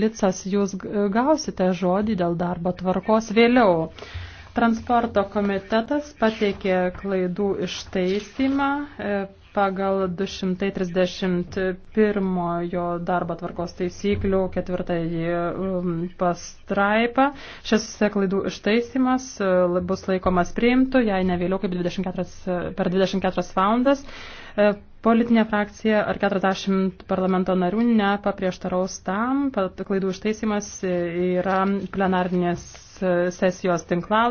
Licas jūs gausite žodį dėl darbo tvarkos vėliau. Transporto komitetas pateikė klaidų ištaisymą e, pagal 231 darbo tvarkos taisyklių ketvirtąjį um, pastraipą. Šis klaidų ištaisymas e, bus laikomas priimtų, jei ne vėliau kaip 24, e, per 24 valandas. Politinė frakcija ar 40 parlamento narių nepaprieštaraus tam, kad klaidų ištaisymas yra plenarnės sesijos tinklalapyje.